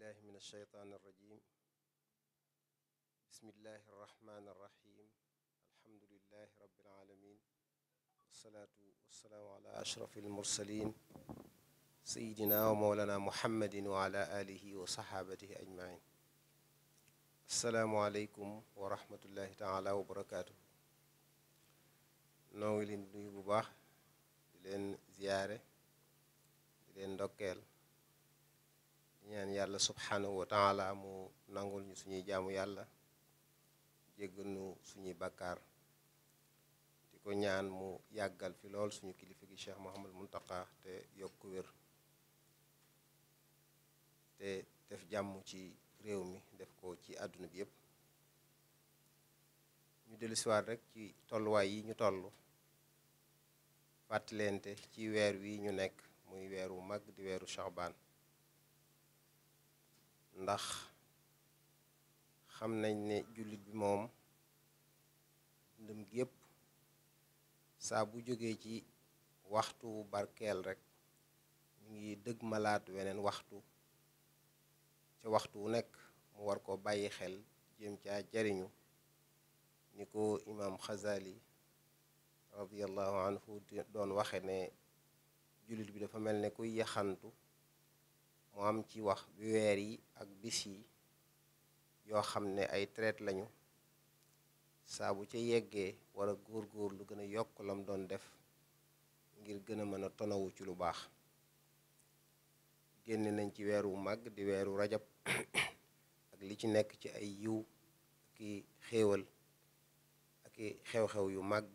بالله من الشيطان الرجيم بسم الله الرحمن الرحيم الحمد لله رب العالمين والصلاة والسلام على أشرف المرسلين سيدنا ومولانا محمد وعلى آله وصحابته أجمعين السلام عليكم ورحمة الله تعالى وبركاته نويل نيو بباخ di leen ziyaare di leen ndokkeel ñaan yàlla subhanahu wa taala mu nangul ñu suñuy jaamu yàlla jéggal ñu suñuy bakkaar di ko ñaan mu yàggal fi lool suñu kilifa gi Cheikh Mouhamadou Mountakha te yokk wér te def jàmm ci réew mi def ko ci àdduna bi yépp ñu dellusiwaat rekk ci tolluwaay yi ñu toll fàttalente ci weer wi ñu nekk muy weer wu mag di weeru Sha'ban ndax xam nañ ne jullit bi moom dundam gépp saa bu jógee ci waxtu barkeel rek ñu ngi dëgg malaat weneen waxtu ca waxtu wu nekk mu war koo bàyyi xel jëm caa jariñu ni ko imaam Xazali radiallahu anhu doon waxe ne jullit bi dafa mel ne kuy yaxantu mu am ci wax weer yi ak bis yi yoo xam ne ay traite lañu saa bu ca yeggee wara góor-góor lu gën a yokk lam doon def ngir gën a mën a tonawu ci lu baax génne nañ ci weer wu màgg di weeru rajab ak li ci nekk ci ay yiw ki xéewal ak i xew-xew yu màgg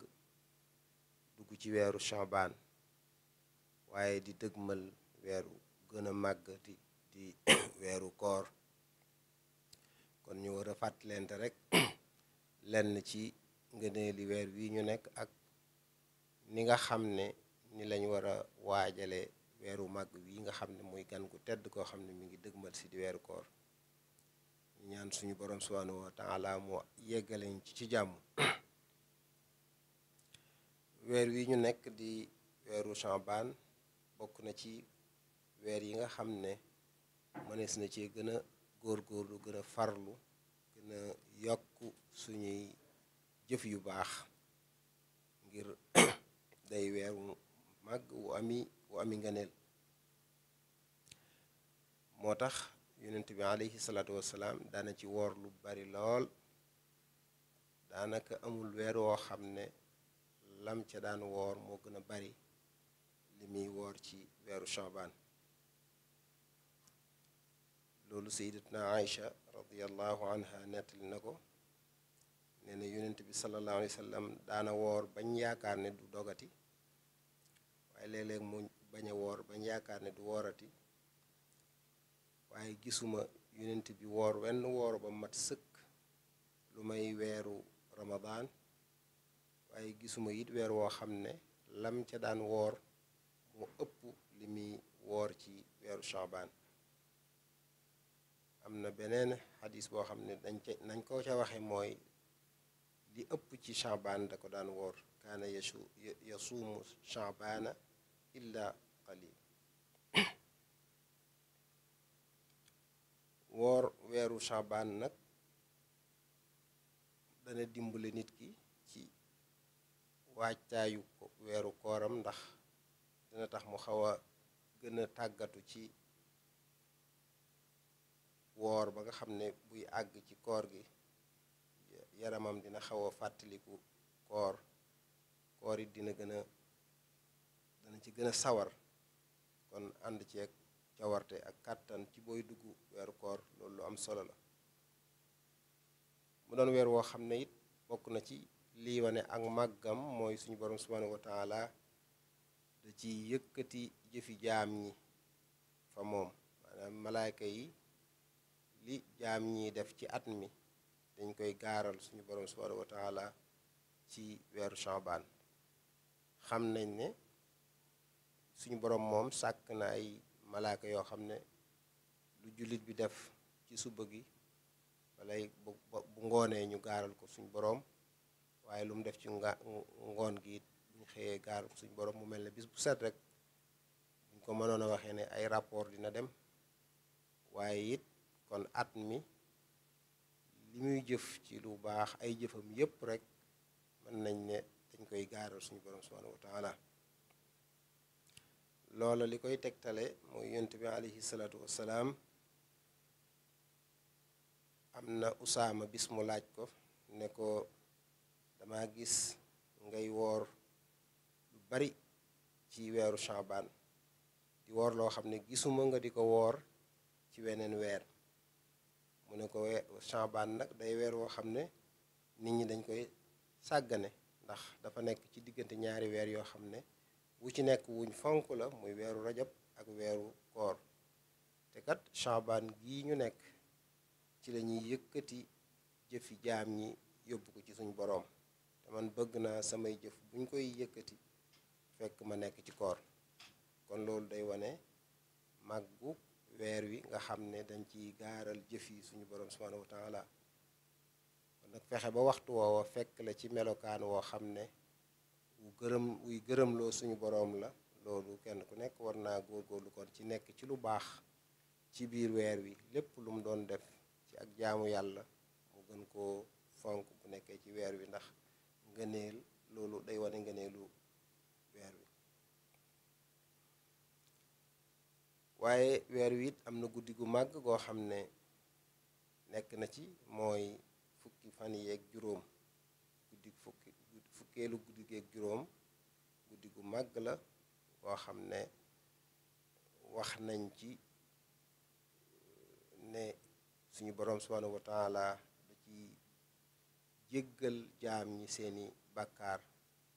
dugg ci weeru chambaan waaye di dëgmal weeru gën a màgg ti weeru koor kon ñu war a fàttalente rek lenn ci ngëneeli weer wii ñu nekk ak ni nga xam ne ni lañ war a waajale weeru màgg wi nga xam ne muy gan gu tedd koo xam ne mi ngi mat si di weeru koor ñaan suñu borom subhanahu wa taala mu yeggaleñ ci ci jàmm weer wi ñu nekk di weeru chambaan bokk na ci weer yi nga xam ne mënees na cee gën a góorgóorlu gën a farlu gën a yokk suñuy jëf yu baax ngir day weer wu màgg wu ami wu ami nganeel moo tax yonent bi aleyhi salaatu wassalaam ci woor lu bari lool daanaka amul weer woo xam ne lam ca daan woor moo gën a bari li muy woor ci weeru Shaabaan loolu sayyidatuna Aïcha radiallahu anha nettali na ko nee na bi sallallahu alayhi daana woor bañ yaakaar ne du dogati waaye léeg-léeg mu bañ woor bañ yaakaar ne du woorati waaye gisuma yonent bi woor wenn woor ba mat sëkk lu may weeru ramadaan waaye gisuma it weer woo xam ne lam ca daan woor mu ëpp li muy woor ci weeru shaabaan am na beneen xadis boo xam ne dañ ca nañ ko ca waxe mooy li ëpp ci chaban da ko daan woor kaana yasu yasuumu chabaana illa qalil woor weeru chaban nag dana dimbale nit ki ci waajtaayu weeru kooram ndax dana tax mu xawa a gën a tàggatu ci woor ba nga xam ne buy àgg ci koor gi yaramam dina xaw a fàttaliku koor koor it dina gën a dana ci gën a sawar kon ànd ceeg cawarte ak kàttan ci booy dugg weeru koor loolu lu am solo la mu doon weer woo xam ne it bokk na ci lii wane ak màggam mooy suñu borom subhanahu wa da ci yëkkati jëfi jaam ñi fa moom maanaam malaayka yi li jaam ñi def ci at mi dañ koy gaaral suñu borom subhanahu wa taala ci weeru Shaabaan xam nañ ne suñu boroom moom sàkk na ay malaaka yoo xam ne lu jullit bi def ci suba gi wala bu ngoonee ñu gaaral ko suñu boroom waaye lu mu def ci nga ngoon gi it ñu xëyee gaaral ko suñu borom mu mel ne bis bu set rek duñ ko mënoon a waxee ne ay rapport dina dem waaye it kon at mi li muy jëf ci lu baax ay jëfam yépp rekk mën nañ ne dañ koy gaaral suñu borom subhanahu wa taala loola li koy tegtale mooy yonent bi aleyhi salaatu wassalaam am na usaama bis mu laaj ko ne ko dama gis ngay woor lu bari ci weeru Shaabaan di woor loo xam ne gisuma nga di ko woor ci weneen weer mu ne ko we Chaabaan nag day weer woo xam ne nit ñi dañ koy sàggane ndax dafa nekk ci diggante ñaari weer yoo xam ne wu ci nekk wuñ fonk la muy weeru rajab ak weeru koor te kat Chaabaan gi ñu nekk ci lañuy ñuy jëfi jaam ñi yóbbu ko ci suñu boroom te man bëgg naa samay jëf buñ koy yëkkati fekk ma nekk ci koor kon loolu day wane màggu weer wi nga xam ne dañ ci gaaral jëfi suñu borom subhanahu wa taala kon nag fexe ba waxtu woowa fekk la ci melokaan woo xam ne wu gërëm wuy gërëmloo suñu boroom la loolu kenn ku nekk war naa góorgóorlu kon ci nekk ci lu baax ci biir weer wi lépp lu mu doon def ci ak jaamu yàlla mu gën koo fonk bu nekkee ci weer wi ndax ngëneel loolu day wane ngëneelu waaye weer wi am na guddi gu màgg goo xam ne nekk na ci mooy fukki fan yi juróom guddi fukki fukkeelu guddi gu mag la goo xam ne wax nañ ci ne suñu boroom subhanahu wa taala da ci yëggal jaam ñi seeni bàkkaar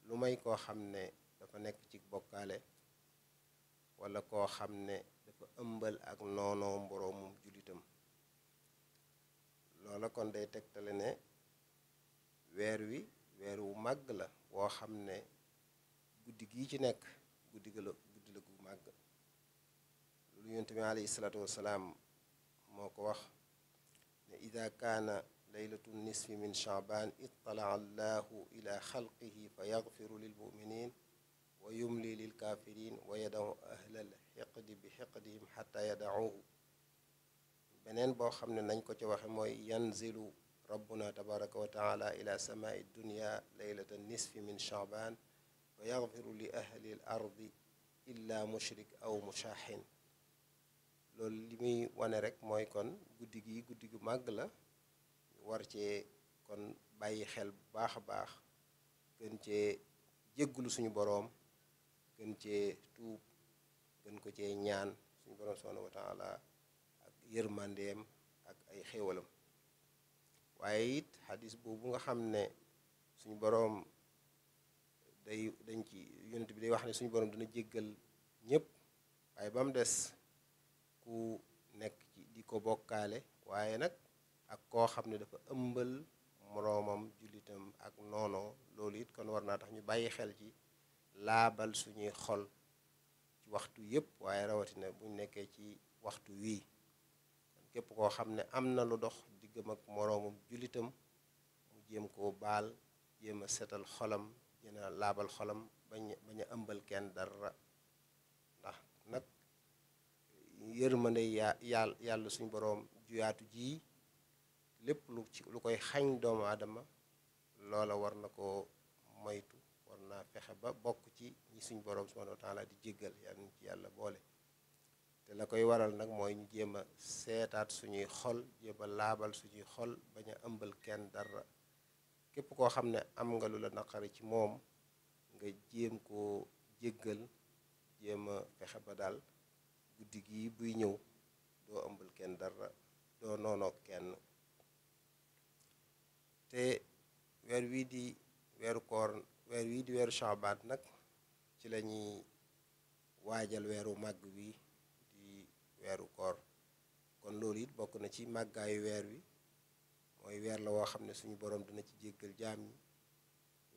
lu may koo xam ne dafa nekk ci bokkaale walla koo xam ne ba ëmbal ak noonoo mboroomum jullitam loola kon day tegtale ne weer wi weer wu màgg la woo xam ne guddi gi ci nekk guddi la guddi la gu màgg lu yonent bi alayhi salaatu wasalaam moo ko wax ne ida kaana leylatu nisfi min chaabaan ittala allahu ila xalqihi fa yaxfiru lilmuminin wa yumli lil kaafiriin wa yadau ahlal xiqdi bi xiqdihim xata yadauhu beneen boo xam ne nañ ko ci waxe mooy yanzilu rabbuna tabaraka wa taala ila samaai dunya leylata nisfi min chaban wa yaxfiru wane rek mooy kon guddi guddi gu màgg la war kon bàyyi xel bu baax a baax gën cee jéggulu suñu boroom gën cee tuub gën ko cee ñaan suñu borom subhanahu wa taala ak yërmandeem ak ay xéwalam waaye it xadis boobu nga xam ne suñu boroom day dañ ci yonent bi day wax ne suñu boroom dina jéggal ñépp waaye ba des ku nekk ci di ko bokkaale waaye nag ak koo xam ne dafa ëmbal moroomam jullitam ak noono loolu it kon war naa tax ñu bàyyi xel ci laabal suñuy xol ci waxtu yépp waaye rawatina buñ nekkee ci waxtu wii képp koo xam ne am na lu dox diggam ak moroomum jullitam mu jéem koo baal jéem a setal xolam jéem laabal xolam bañ bañ a ëmbal kenn dara ndax nag yërmande yaa yàlla yàlla suñ boroom juyaatu ji lépp lu ci lu koy xañ doomu aadama loola war na ko moytu naa fexe ba bokk ci ñi suñ boroom subhanahu wa taala di jéggal yàlla ñu ci yàlla boole te la koy waral nag mooy ñu jéem a seetaat suñuy xol jéem laabal suñuy xol bañ a ëmbal kenn dara képp koo xam ne am nga lu la naqari ci moom nga jéem ko jéggal jéem a fexe ba daal guddi gi buy ñëw doo ëmbal kenn dara doo noonoo kenn te weer wii di weeru koor weer wii di weeru Shaaban nag ci la ñuy waajal weeru màgg wi di weeru koor kon loolu it bokk na ci màggaayu weer wi mooy weer la woo xam ne suñu boroom dina ci jéggal jaam yi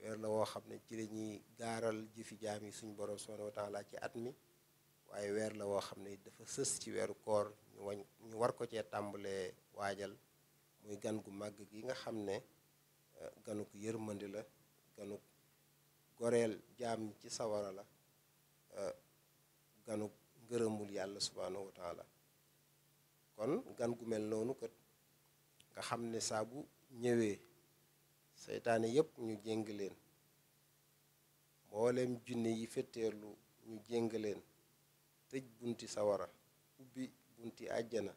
weer la woo xam ne ci la ñuy gaaral jëfi jaam yi suñu boroom subhaanahu wa taala ci at mi waaye weer la woo xam ne dafa sës ci weeru koor ñu wañ ñu war ko cee tàmbalee waajal muy gan gu màgg gi nga xam ne eh, ganuk yërmande la ganuk goreel jaam ci sawara la euh, ganu ngërëmul yàlla subhaanahu wa kon gan gu mel noonu kat nga xam ne saabu ñëwee seytaane yépp ñu jéng leen mbooleem junne yi fetteerlu ñu jéng leen tëj bunti sawara ubbi bunti àjjana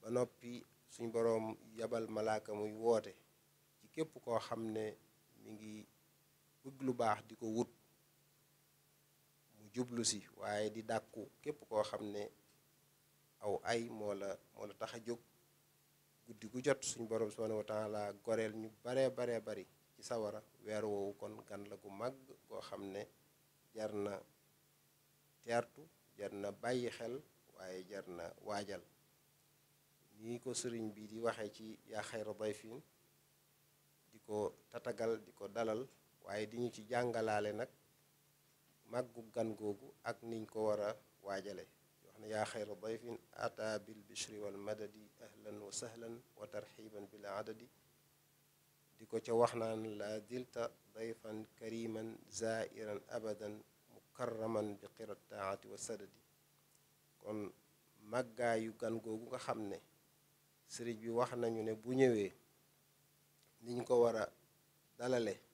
ba noppi suñ boroom yabal malaaka muy woote ci képp koo xam ne mi ngi bëgg lu baax di ko wut mu jublu si waaye di dàkku képp koo xam ne aw ay moo la moo la tax a jóg guddi gu jot suñ borom subhanahu wa taala goreel ñu baree baree bari ci sawara weer woowu kon gan la gu mag goo xam ne jar na teertu jar na bàyyi xel waaye jar na waajal ni ko sëriñ bi di waxee ci yaa xayra dayfin di ko tatagal di ko dalal waaye diñu ci jàngalaale nag màggu gan googu ak niñ ko war a waajale wax ne yaa xayra dayfin ata bil bila adadi di ko ca wax naan la dilta dayfan kariman zairan abadan mukarraman bi qirat taati wa sadadi kon màggaayu gan googu nga xam ne sëriñ bi wax nañu ne bu ñëwee niñ ko war a dalale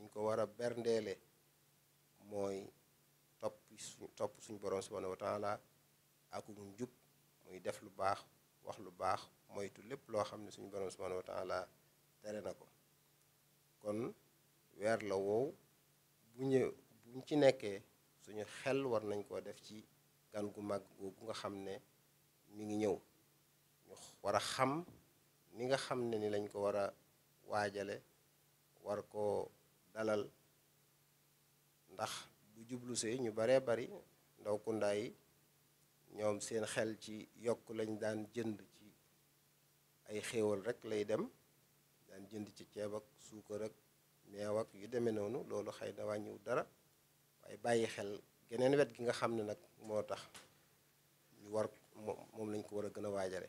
liñ ko war a berndeele mooy topp suñ topp suñ borom subhanahu wa taala aku njub muy def lu baax wax lu baax moytu lépp loo xam ne suñu borom subhanahu wa taala tere na ko kon weer la woow bu ñu buñ ci nekkee suñu xel war nañ koo def ci gan gu mag googu nga xam ne mi ngi ñëw ñu ni nga xam ne ni lañ ko war a waajale war koo dalal ndax bu jublu see ñu baree bari ndaw kundaa ñoom seen xel ci yokk lañ daan jënd ci ay xéewal rek lay dem daan jënd ci ceeb ak suukar ak meew ak yu demee noonu loolu xëy na wàññiw dara waaye bàyyi xel geneen wet gi nga xam ne nag moo tax ñu war moom lañ ko war a gën a waajale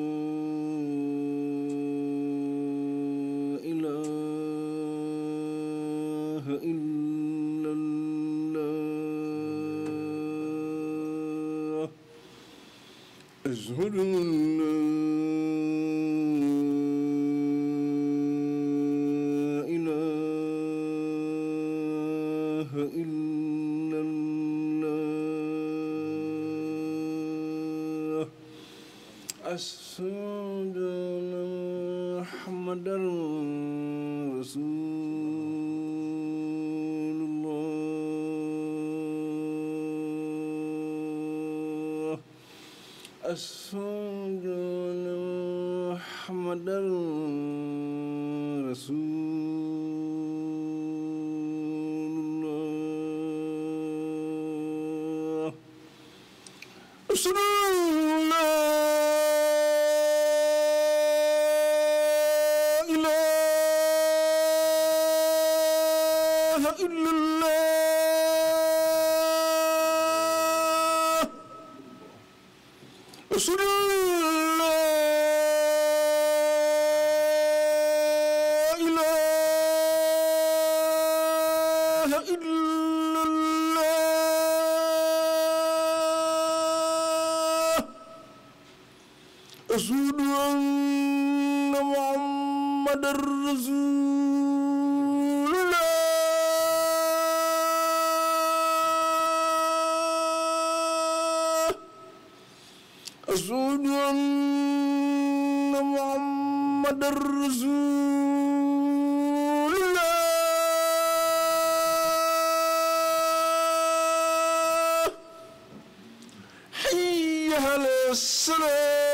يشهده لا إله إلا الله أشهد أن محمدا وأشهد أن محمدا رسول الله أشهد أن لا إله إلا الله suñu واشهد ان محمد رسول الله حي على الصلاه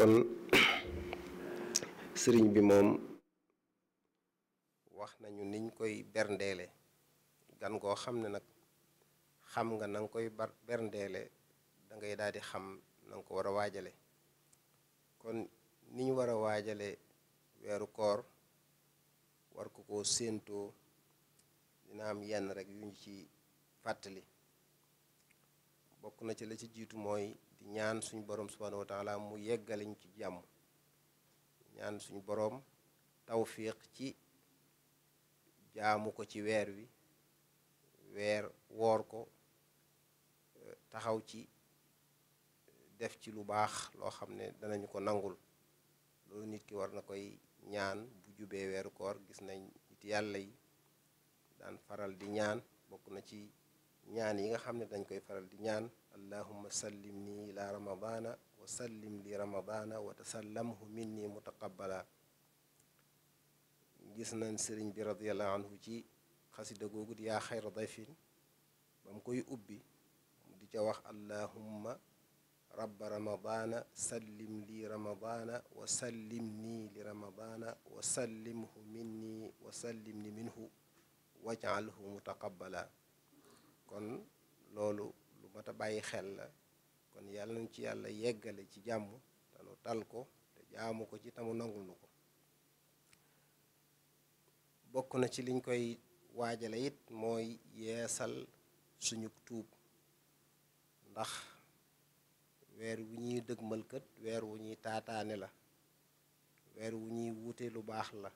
kon sëriñ bi moom wax nañu niñ koy berndeele gan goo xam ne nag xam nga na koy berndeele dangay ngay xam na ko war a waajale kon niñ war a waajale weeru koor war ko ko séentoo dina am yenn rek yu ñu ci fàttali bokk na ci la ci jiitu mooy di ñaan suñu borom subhaanahu wa taala mu yeggaliñ ci jàmm ñaan suñu boroom tawfiq ci jaamu ko ci weer wi weer woor ko taxaw ci def ci lu baax loo xam ne danañu ko nangul loolu nit ki war na koy ñaan bu jubee weeru koor gis nañ nit yàlla yi daan faral di ñaan bokk na ci ñaan yi nga xam ne dañ koy faral di ñaan allahuma sallim nii ilaa ramadaana wa sallim li ramadaana wa tasallamhu minni mutaqabbala gis nañ bi radiallahu ci xasida googu di yaa dayfin ba mu koy ubbi di ca wax allahumma rabba ramadaana sallim li ramadaana wa sallim nii li ramadaana wa sallimhu minni wa sallim ni minhu waj'alhu mutaqabbala kon loolu mat bàyyi xel la kon yàlla nañ ci yàlla yeggale ci jàmm te tal ko te jaamu ko ci tamu nangul nu ko bokk na ci liñ koy waajale it mooy yeesal suñu tuub ndax weer wu ñuy dëgmal kët weer wu ñuy taataane la weer wu ñuy wuute lu baax la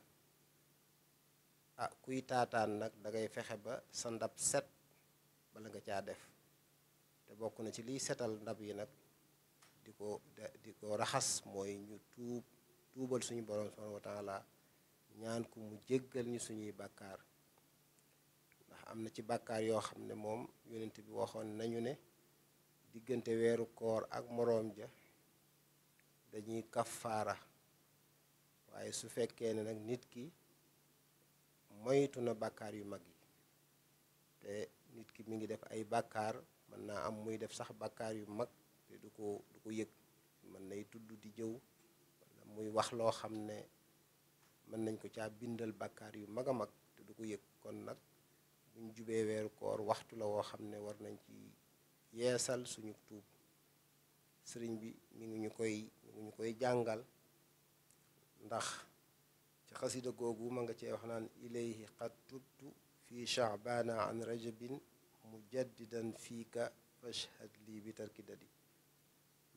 ah kuy taataan nag dangay fexe ba sa ndab set bala nga caa def te bokk na ci liy setal ndab yi nag di ko di ko raxas mooy ñu tuub tuubal suñu borom subhanahu wa ñaan ko mu jéggal ñu suñuy bàkkaar ndax am na ci bàkkaar yoo xam ne moom yonent bi waxoon nañu ne diggante weeru koor ak moroom ja dañuy kafaara waaye su fekkee ne nag nit ki moytu na bàkkaar yu mag yi te nit ki mu ngi def ay bàkkaar mën naa am muy def sax bakkaar yu mag te du ko du ko yëg mën nay tudd di jëw muy wax loo xam ne mën nañ ko caa bindal bakkaar yu mag a mag te du ko yëg kon nag buñ jubee weeru koor waxtu la woo xam ne war nañ ci yeesal suñu tuub sëriñ bi mu ngi ñu koy mi ngi ñu koy jàngal ndax ci xasida googu ma nga cee wax naan ilayhi qad tubtu fi shaabaana an rajabin mu di mujaddidan fiika fashhad lii bi tarki dadi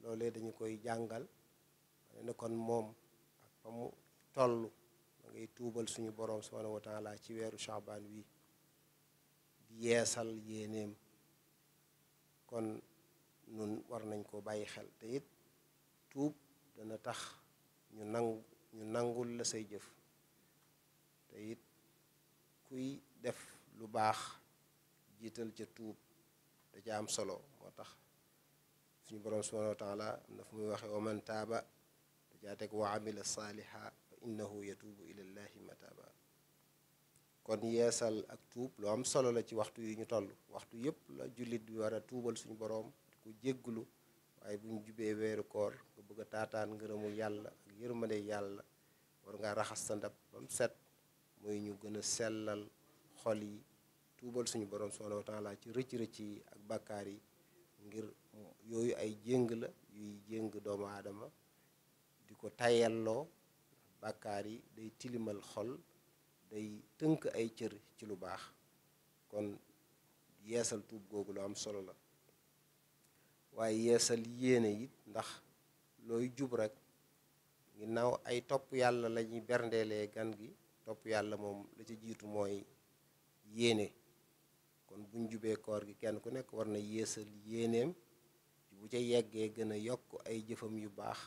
loolee dañu koy jàngal ma ne kon moom ak fa mu toll ma tuubal suñu boroom subhanahu wa taala ci weeru chaabaan wi di yeesal yéenéem kon nun war nañ ko bàyyi xel te it tuub dana tax ñu nangu ñu nangul la say jëf te kuy def lu baax jiital ca tuub da ca am solo moo tax suñu boroom subhanahu wa taala am na fu muy waxe wa man taaba da caa teg wa amila saaliha fa innahu yatuubu ilallahi mataaba kon yeesal ak tuub lu am solo la ci waxtu yu ñu toll waxtu yépp la jullit bi war a tuubal suñu boroom di ko jégglu waaye bu ñu jubee weeru koor nga bëgg a taataan ngërëmu yàlla ak yërmande yàlla war ngaa raxas sa ndab ba mu set mooy ñu gën a sellal xol yi tuubal suñu borom subhanahu wa taala ci rëcc-rëcc yi ak bàkkaar yi ngir yooyu ay jéng la yuy jéng doomu aadama di ko tayelloo bàkkaar yi day tilimal xol day tënk ay cër ci lu baax kon yeesal tuub googu lu am solo la waaye yeesal yéene it ndax looy jub rek ginnaaw ay topp yàlla lañuy berndeelee gan gi topp yàlla moom la ca jiitu mooy yéene kon buñ jubee koor gi kenn ku nekk war na yéesal yéeneem bu ca yeggee gën a yokk ay jëfam yu baax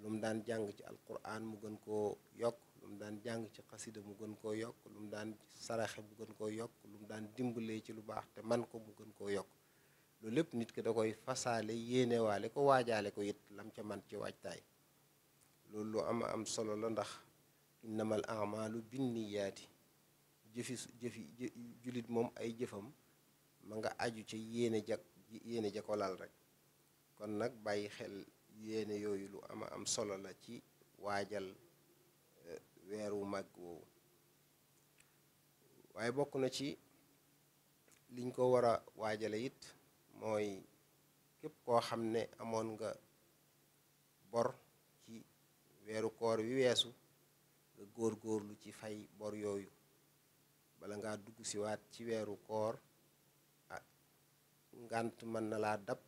lu mu daan jàng ci alquran mu gën koo yokk lu mu daan jàng ci xasida mu gën koo yokk daan saraxe mu gën koo yokk lu mu daan dimbalee ci lu baax te man ko mu gën koo yokk loolu lépp nit ki da koy fasaale yéenewaale ko waajaale ko it lam ca man ci waajtaay loolu lu ama am solo la ndax lu amalu binniyaati jëfi jëfi jullit moom ay jëfam ma nga aju ca yéene jak yéene jakolaal rek kon nag bàyyi xel yéene yooyu lu ama am solo la ci waajal e, weeru màgg woowu waaye bokk na ci liñ ko war a waajale it mooy képp koo xam ne amoon nga bor ci weeru koor wi weesu nga góor góorlu ci fay bor yooyu bala ngaa dugg si waat ci weeru koor ah ngànt mën na laa dab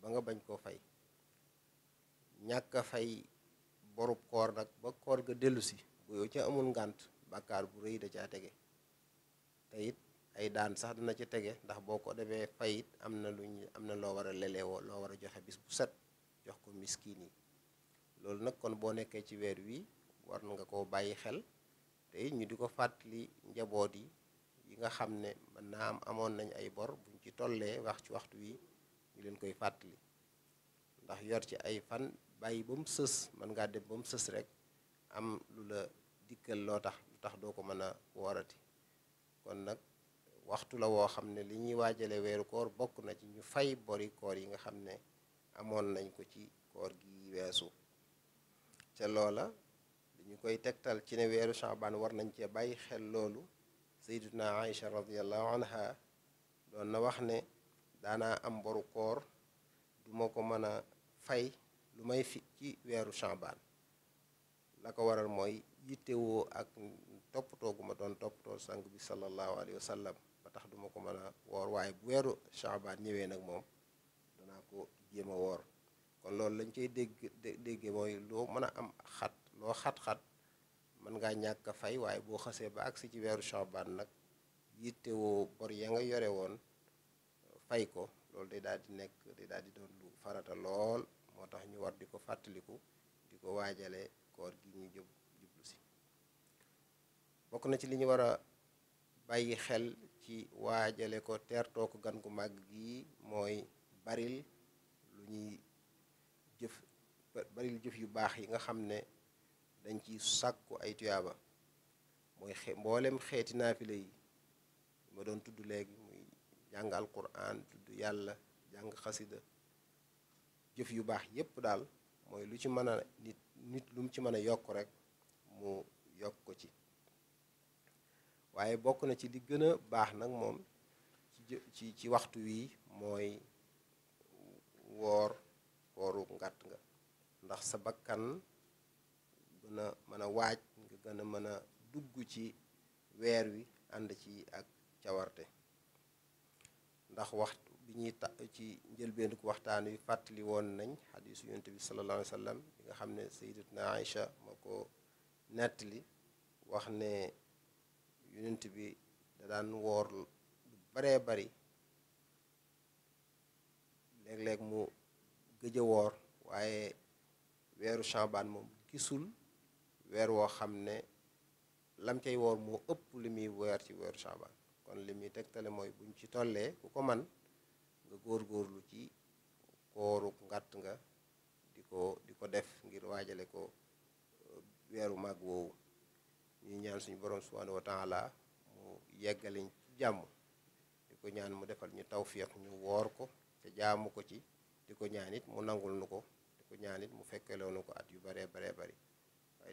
ba nga bañ koo fay ñàkk a fay borub koor nag ba koor ga dellusi si bu yow ca amul ngant bàkkaar bu rëy da caa tege te it ay daan sax dana ca tege ndax boo ko demee fayit am na lu ñu am na loo war a leleewoo loo war a joxe bis bu set jox ko miskin yi loolu nag kon boo nekkee ci weer wi war nga koo bàyyi xel te ñu di ko fàttali njaboot yi yi nga xam ne mën naa am amoon nañu ay bor buñ ci tollee wax ci waxtu wi ñu leen koy fàttali ndax yor ci ay fan bàyyi ba mu sës mën ngaa dem ba mu sës rek am lu la dikkal loo tax lu tax doo ko mën a woorati kon nag waxtu la woo xam ne li ñuy waajale weeru koor bokk na ci ñu fay bori koor yi nga xam ne amoon nañ ko ci koor gi weesu ca loola ñu koy tegtal ci ne weeru Shaabaan war nañ cee bàyyi xel loolu sayyiduna Aïcha radiyallahu anha doon na wax ne daanaa am boru koor du ma ko mën a fay lu may fi ci weeru Shaabaan la ko waral mooy yittewoo ak toppatoo gu ma doon toppatoo sang bi sallallahu alayhi wa ba tax duma ko mën a woor waaye bu weeru Shaabaan ñëwee nag moom danaa ko jéem woor kon loolu lañ cay dégg déggee mooy loo mën a am xat loo xat-xat mën ngaa ñàkk a fay waaye boo xasee ba agsi ci weeru Shaban nag yittewoo bor ya nga yore woon fay ko loolu day daal nekk day daal di doon lu farata lool moo tax ñu war di ko fàttaliku di ko waajale koor gi ñu jublu si bokk na ci li ñu war a bàyyi xel ci waajale ko teertoo ko gan gu màgg gi mooy baril lu ñuy jëf baril jëf yu baax yi nga xam ne dañ ci sàkku ay tuyaaba mooy mboolem xeeti naafile yi ma doon tudd léegi muy jàng alquran tudd yàlla jàng xasida jëf yu baax yépp daal mooy lu ci mën a nit nit lu mu ci mën a yokk rek mu yokk ko ci waaye bokk na ci li gën baax nag moom ci ci waxtu wii mooy woor wooru ngàtt nga ndax sa bakkan gën a mën a waaj nga gën a mën a dugg ci weer wi ànd ci ak cawarte ndax waxtu bi ñuy ta ci njëlbeen ku waxtaan wi fàttali woon nañ xadiisu yonent bi sallallahu alayhi bi nga xam ne na Aïcha ma ko nettali wax ne yonent bi da daan woor lu baree bari léeg-léeg mu gëj a woor waaye weeru Shaabaan moom gisul weer woo xam ne lam cay woor moo ëpp li muy weer ci weeru Shaabaan kon li muy teg mooy buñ ci tollee ku ko man nga góor góorgóorlu ci kooru ngàtt nga di ko di ko def ngir waajale ko uh, weeru màgg woowu ñuy ñaan suñu borom subhaanahu temps laa mu yeggaleñ ci jàmm di ko ñaan mu defal ñu tawfiq ñu woor ko te jaamu ko ci di ko ñaan it mu nangul nu ko di ko ñaan it mu fekkeloo ko at yu baree baree bari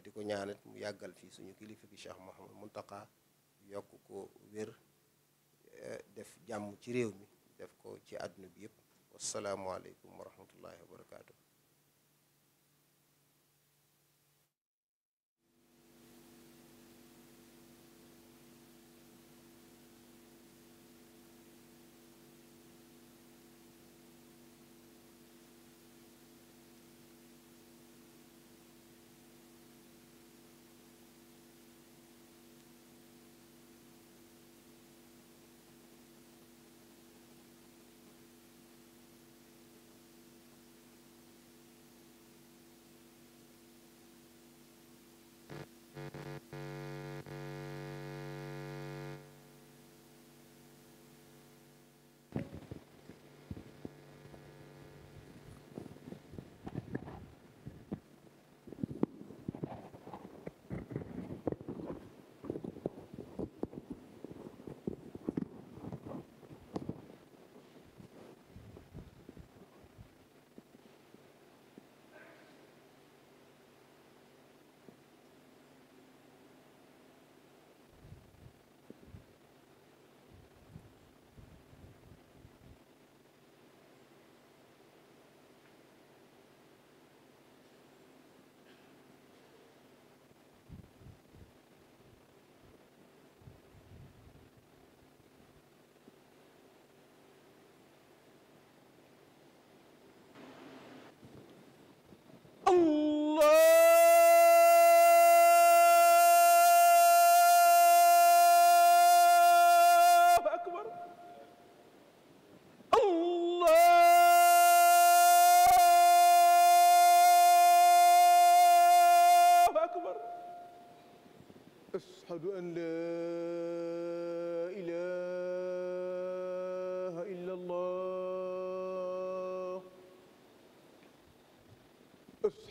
di ko ñaanat mu yàggal fii suñu kilifa gi Cheikh Mouhamed Mountakha yokk ko wér eh, def jàmm ci réew mi def ko ci àdduna bi yëpp wasalaamualeykum wa rahmatullahi wa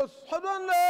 أشهد أن لا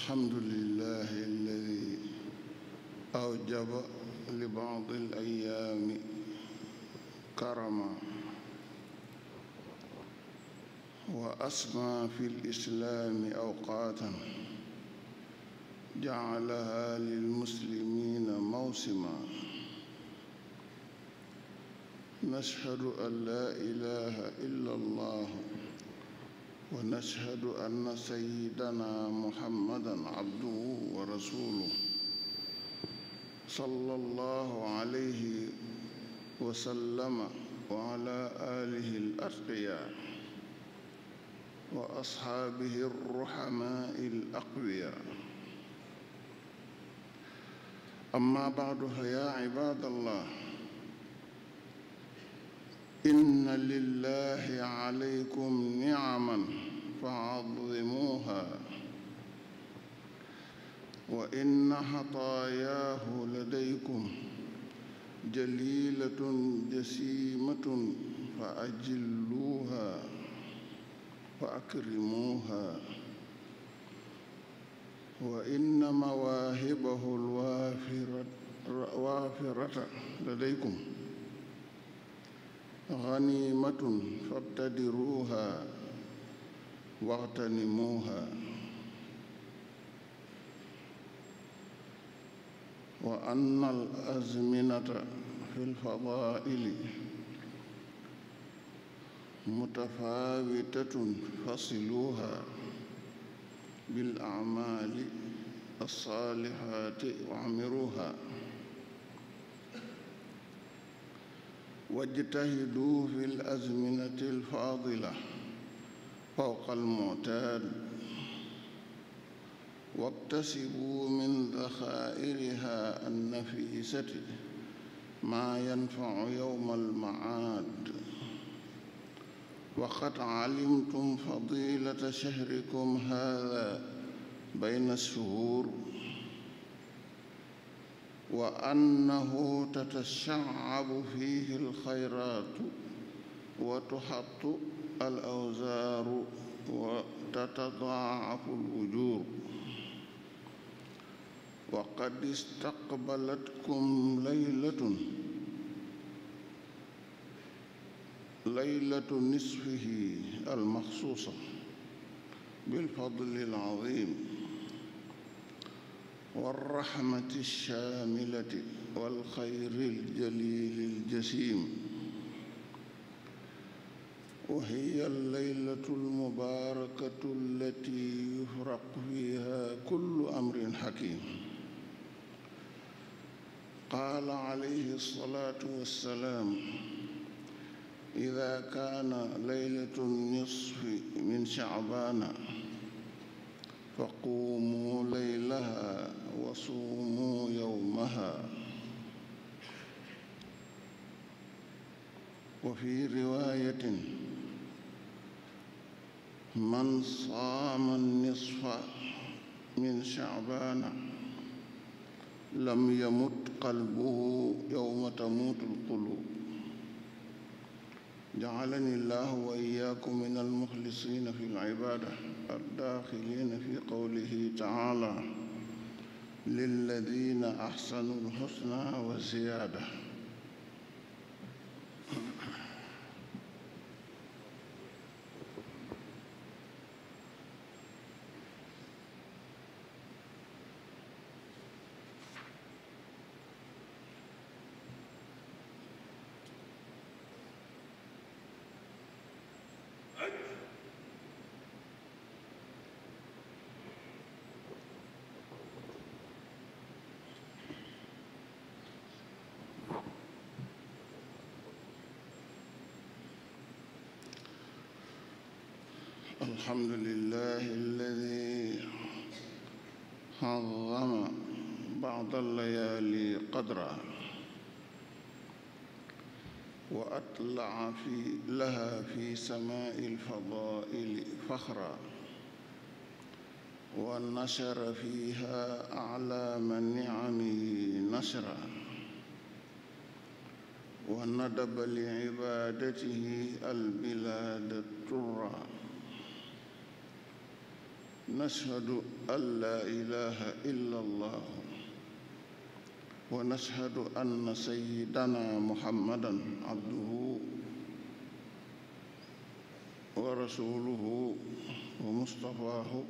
الحمد لله الذي أوجب لبعض الأيام كرما وأسمى في الإسلام أوقاتا جعلها للمسلمين موسما نشهد أن لا إله إلا الله ونشهد أن سيدنا محمدا عبده ورسوله صلى الله عليه وسلم وعلى آله الأتقياء وأصحابه الرحماء الأقوياء أما بعد فيا عباد الله إن لله عليكم نعما فعظموها وإن خطاياه لديكم جليلة جسيمة فأجلوها وأكرموها وإن مواهبه الوافرة وافرة لديكم غنيمة فابتدروها واغتنموها وأن الأزمنة في الفضائل متفاوتة فصلوها بالأعمال الصالحات وعمروها واجتهدوا في الأزمنة الفاضلة فوق المعتاد واكتسبوا من ذخائرها النفيسة ما ينفع يوم المعاد وقد علمتم فضيلة شهركم هذا بين الشهور وأنه تتشعب فيه الخيرات وتحط alawzaaru wa tatadaafu alwujuur wa qad istaqbalatkum laylatun laylatu nisfihi almaxsuusa bilfadli alaziim walraxmati alcaamilati walxayri aljaliili aljasiim وهي الليلة المباركة التي يفرق فيها كل أمر حكيم قال عليه الصلاة والسلام إذا كان ليلة النصف من شعبان فقوموا ليلها وصوموا يومها وفي رواية من صام النصف من شعبان لم يمت قلبه يوم تموت القلوب جعلني الله وإياكم من المخلصين في العبادة الداخلين في قوله تعالى للذين أحسنوا الحسنى وزيادة الحمد لله الذي عظم بعض الليالي قدرا وأطلع في لها في سماء الفضائل فخرا ونشر فيها أعلام نعمه نشرا وندب لعبادته البلاد ترا نشهد أن لا إله إلا الله ونشهد أن سيدنا محمدا عبده ورسوله ومصطفاه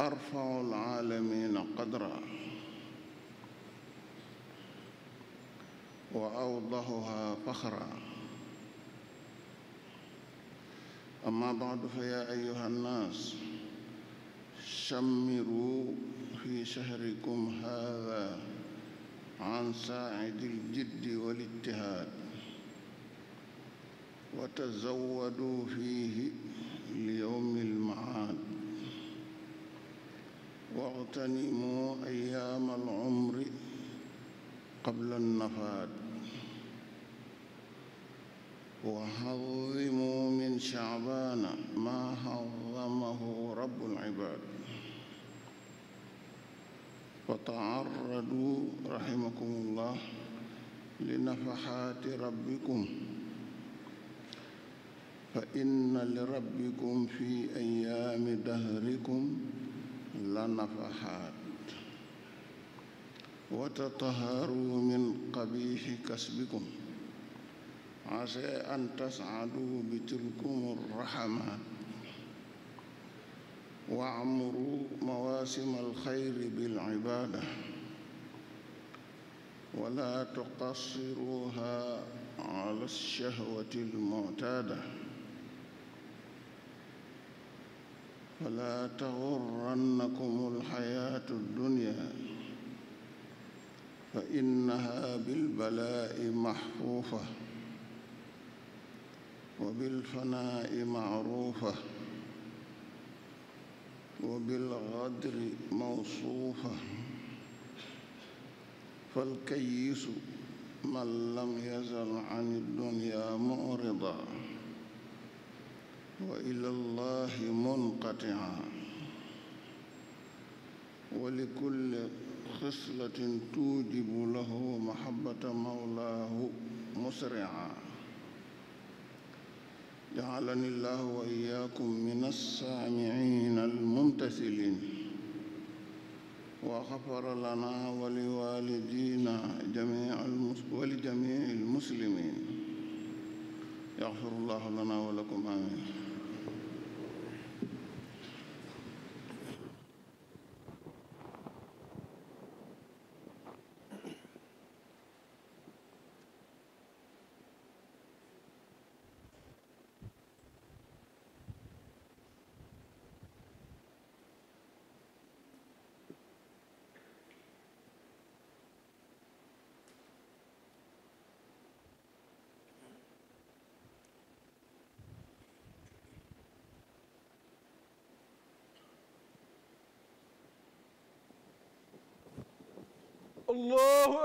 أرفع العالمين قدرا وأوضحها فخرا أما بعد فيا أيها الناس شمروا في شهركم هذا عن ساعد الجد والاجتهاد وتزودوا فيه ليوم المعاد واغتنموا أيام العمر قبل النفاد وحظموا من شعبان ما حظمه رب العباد wa taarradu raximakumullah li nafaxaati rabbikum fa inna li rabbikum fi ayaami dahrikum la nafaxaat wa tataharu min qabiixi kasbikum ase an tascadu bitilkum raxamaat واعمروا مواسم الخير بالعبادة ولا تقصروها على الشهوة المعتادة فلا تغرنكم الحياة الدنيا فإنها بالبلاء محفوفة وبالفناء معروفة وبالغدر موصوفة فالكيس من لم يزل عن الدنيا معرضا وإلى الله منقطعا ولكل خصلة توجب له محبة مولاه مسرعا جعلني الله وإياكم من السامعين الممتثلين وغفر لنا ولوالدينا جميع ولجميع المسلمين يغفر الله لنا ولكم آمين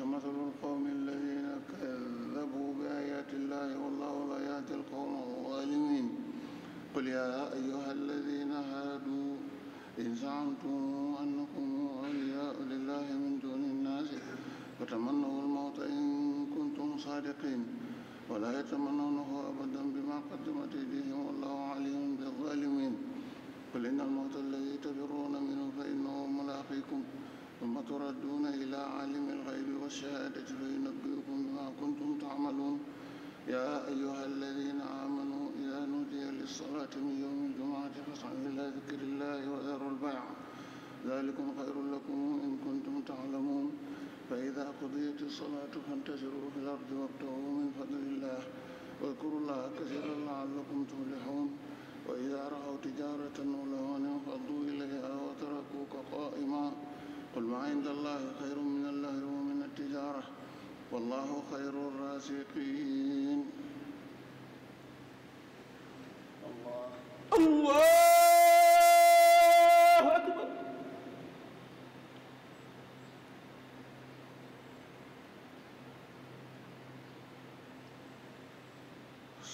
بئس مثل القوم الذين كذبوا بآيات الله والله لا يهدي القوم الظالمين قل يا أيها الذين هادوا إن زعمتم أنكم أولياء لله من دون الناس فتمنوا الموت إن كنتم صادقين ولا يتمنون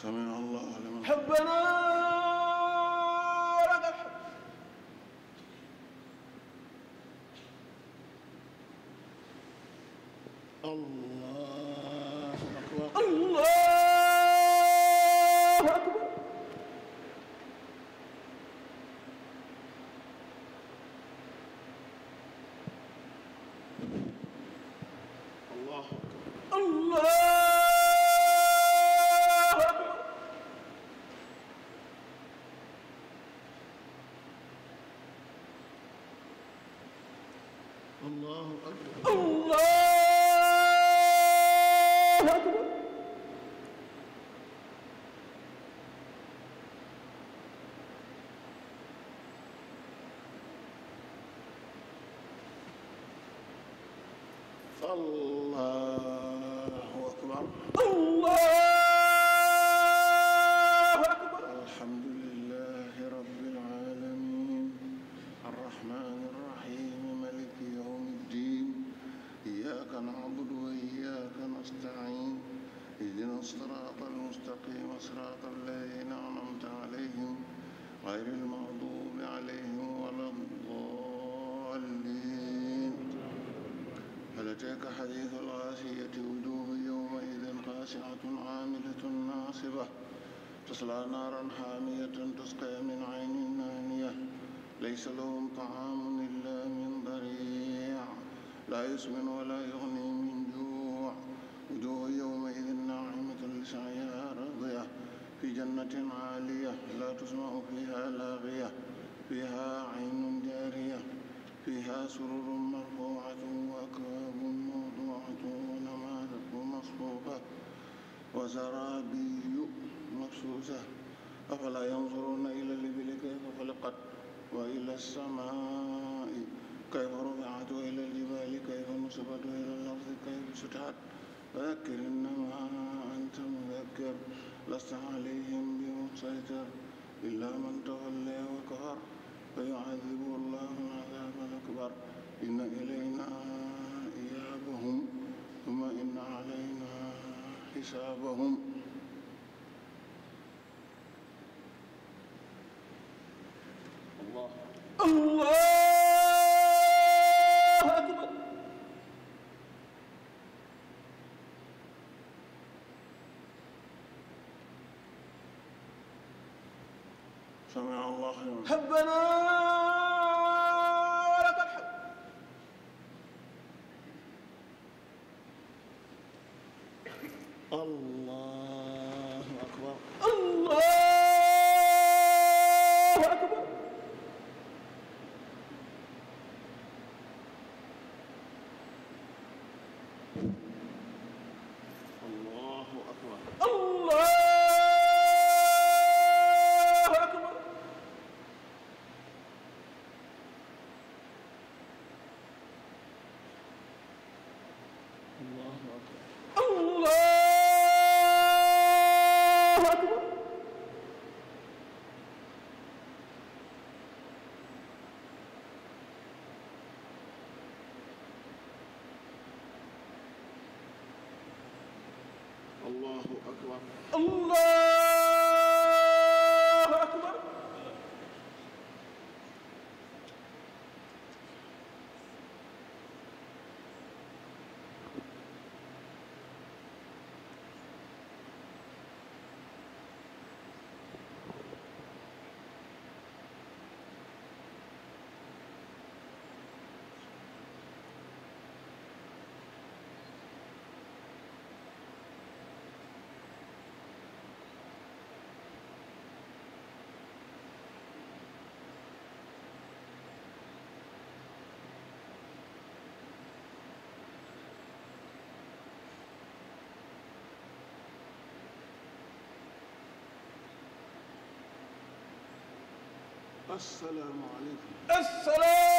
سمع الله لمن حبنا لك الحب الله أكبر الله أكبر الله ذلك حديث الغاشية وجوه يومئذ خاشعة عاملة ناصبة تصلى نارا حامية تسقى من عين آنية ليس لهم طعام إلا من ضريع لا يسمن ولا وزرابي مبسوسة أفلا ينظرون إلى الإبل كيف خلقت وإلى السماء كيف رفعت وإلى الجبال كيف نصبت وإلى الأرض كيف سطحت فذكر إنما أنت مذكر لست عليهم بمسيطر إلا من تولي وكفر فيعذبه الله العذاب الأكبر إن إلينا إيابهم ثم إن علينا حسابهم الله الله أكبر سمع الله لمن حبنا الله asalaamaaleykum. asalaamaaleykum.